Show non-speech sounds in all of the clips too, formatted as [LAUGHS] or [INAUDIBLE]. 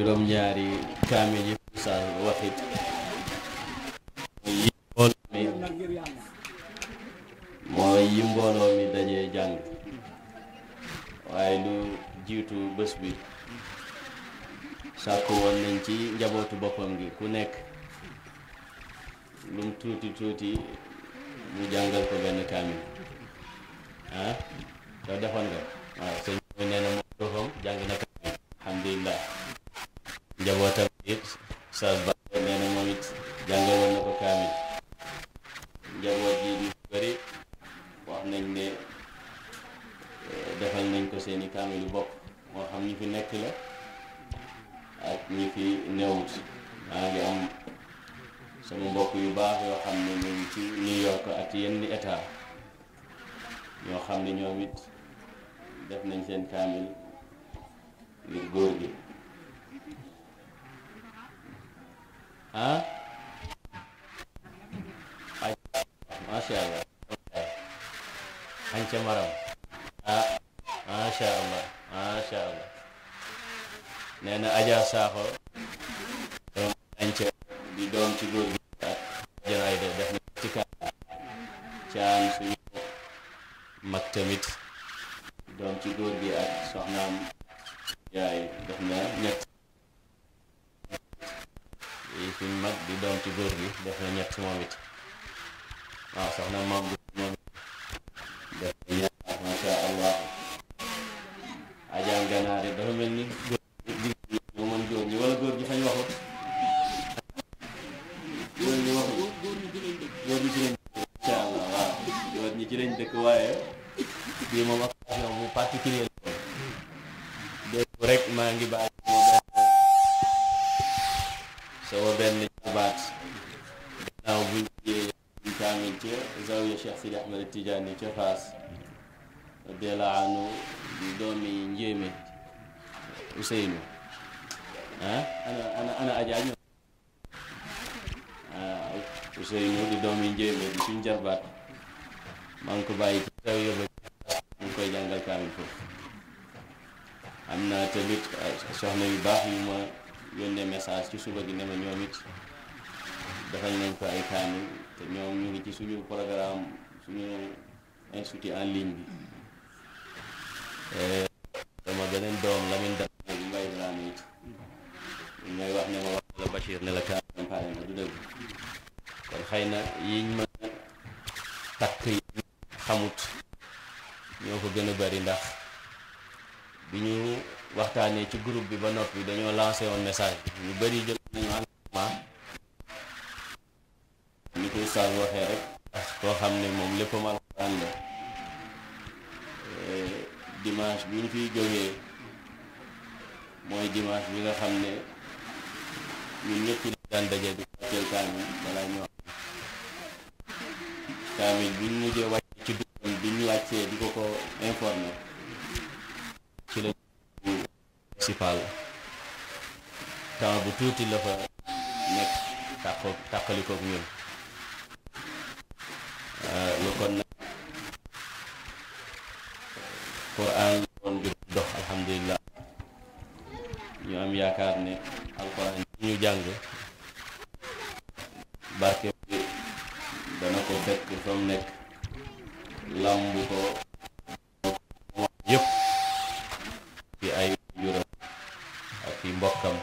juróom-ñaari kaamil yi saa waxit yi yi mbooloo mi dajee jàng waaye lu jiitu bés bi sàkk woon nañ ci njabootu boppam gi ku nekk lum tuuti tuuti mu jàngal ko benn kaamil ah yow defoon nga seen kaamil yu bopp moo xam ñi fi nekk la ak ñi fi newut maa ngi am sama mbokk yu baax yoo xam ne ñu ngi ci York ak yenn état ñoo xam ne ñoom it def nañ seen kaamil ngir góor gi ah macha allah añ maram macha allah macha allah nee na Adja Sakho doom di doom ci góor gi ak def na ci kaa caan suñu mag tamit doom ci góor bi ak soxnaam yaay def na ñett yi suñu mag di doom ci góor gi def na ñett moom it waaw soxna moom maa ngi bàyyi sama benn jabaat gannaaw buñ jiyee ñu kaamil ca zawiya Cheikh Sidi Ahmed Tidiane ca Faas radiyallahu anhu di doomi njéeme Useynu ah, ah di doomi njéeme di suñ jarbaat maa ngi bàyyi ca zawiya ba mu koy jàngal kaamil foofu am na tamit soxna yu baax yu ma yónnee message ci suba bi ne ma ñoom it defal nañ ko ay kaamil te ñoom ñu ngi ci suñu programme suñu institut en ligne bi dama eh, beneen doom Lamine Dramé bi mbay Dramé it ñooy wax ne ma wax la Bachir ne la kaamil pare na du dëgg kon xëy na yiñ ma takk yi xamut ñoo ko gën a bari ndax bi ñu waxtaanee ci groupe bi ba noppi dañoo lancé woon message ñu bari jël nañu engagement ni koy saal waxee rek koo xam ne moom léppam alxuraan la euh, dimanche bi ñu fiy jógee mooy dimanche bi nga xam ne ñun ñëpp ñu daan daje bi wàcceel kaamil balaa bi ñu mujjee wàcc ci dugam di ko ko informer si paal temps bu tuuti la fa nekk tàqoo tàqalikook ñun euh, lu kon nag quran dox alhamdulilah ñu am yaakaar ne alquran yi ñu jàng barke bi dana ko fekk fa mu nekk làmb ko yépp ci ay ak i mbokkam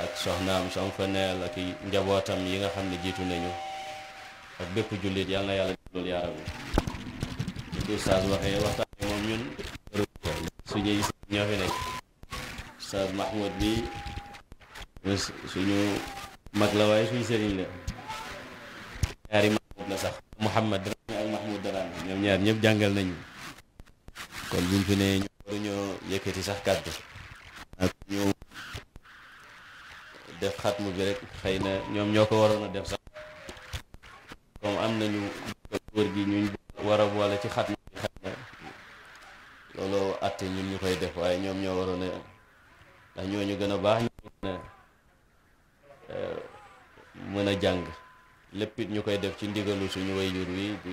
ak soxnaam som fa neel ak njabootam yi nga xam ne jiitu nañu ak bépp jullit yal na yàlla loolu yaaram yi ci ustaas ñoo fi nekk ustaas Mahmoud bi mag la waaye suñu sëriñ la ñaari Mahmoud la sax Muhammad Dramé ak Mahmoud Dramé ñoom ñaar ñëpp jàngal nañu kon buñ fi ne ñu waruñoo sax kàddu ñu def xatmu bi rek xëy na ñoom ñoo ko waroon a def sax comme am nañu góor gi ñu war a boole ci xatmu bi xëy na looloo atte ñun ñu koy def waaye ñoom ñoo waroon a ñoo ñu gën a baax ñu gën eh, mën a jàng lépp it ñu koy def ci ndigalu suñu way jur wi bi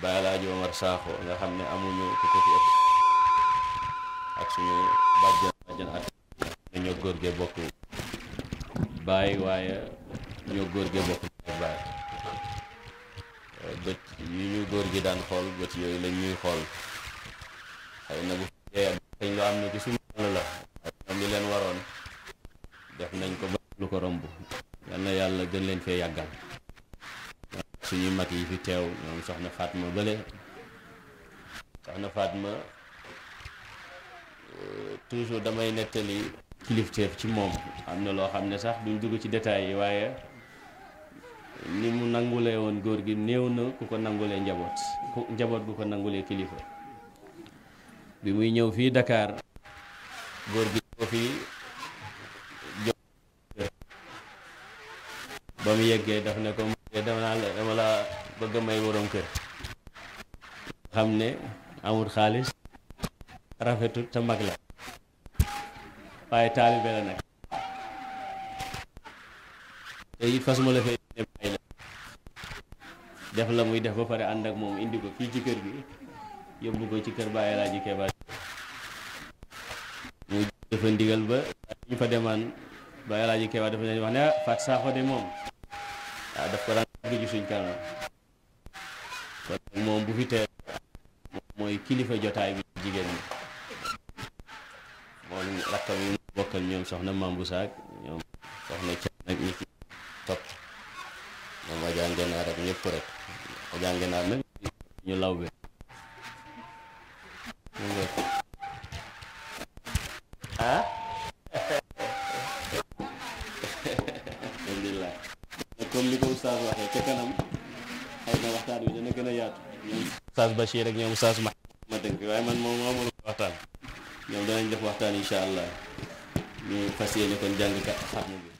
bàyyi laa Omar Saaxo nga xam ne amuñu suñu bàjjan bàjjan at góor gee bokk bàyyi waaye ñoo góor gee bokk bàyyi ñu góor gi daan xool bët yooyu la ñuy xool xëy na bu fekkee kañ li leen waroon def nañ ko ba ko romb na yàlla gën leen fee yàggal suñuy mag yi fi teew ñoom soxna Fatma bële soxna Fatma toujours damay nettali kilifteef ci moom am na loo xam ne sax duñ dugg ci détails yi waaye ni mu nangulee woon góor gi néew na ku ko nangulee njaboot ku njaboot gu ko nangulee kilifa bi muy ñëw fii Dakar góor gi ko ba mu yeggee daf ne ko dama la bëgg may borom kër xam ne amul xaalis rafetut te mag la waaye taalibe la nag te it fasuma la fee def la muy def ba pare ànd ak moom indi ko fii ci kër gi yóbbu ko ci kër Baay Alaaji Keeba mu dafa ba ñu fa demaan Baay Alaaji Keeba dafa leen wax ne ah, faat saafo de moom waaw ah, daf ko daan dugg suñ kanam kon moom bu fi teer mooy kilifa jotaay bi jigéen ñi moom rakkam yi bokkal ñoom soxna Mambu Saak ñoom soxna Thiam nag ñi ci topp ñoom Adja Ngenaar ñëpp rek Adja nag ñu lawbe ah [LAUGHS] alhamdulilah comme li ko oustaz waxee ca kanam xëy waxtaan wi dana gën a yaatu ñoom oustaz Bachir ak ñoom oustaz ma ma dënk waaye man moom amul waxtaan ñoom danañ def waxtaan incha allah ñu fas yéene kon jàng kat xam bi